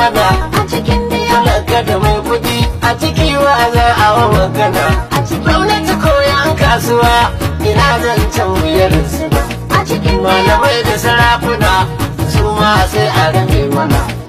magana a cikin diyalaka da mai kuɗi a ciki wa za a wa magana a cikin gwamnati kasuwa ina zan can wuyar a cikin malamai da sarakuna su ma sai a rame mana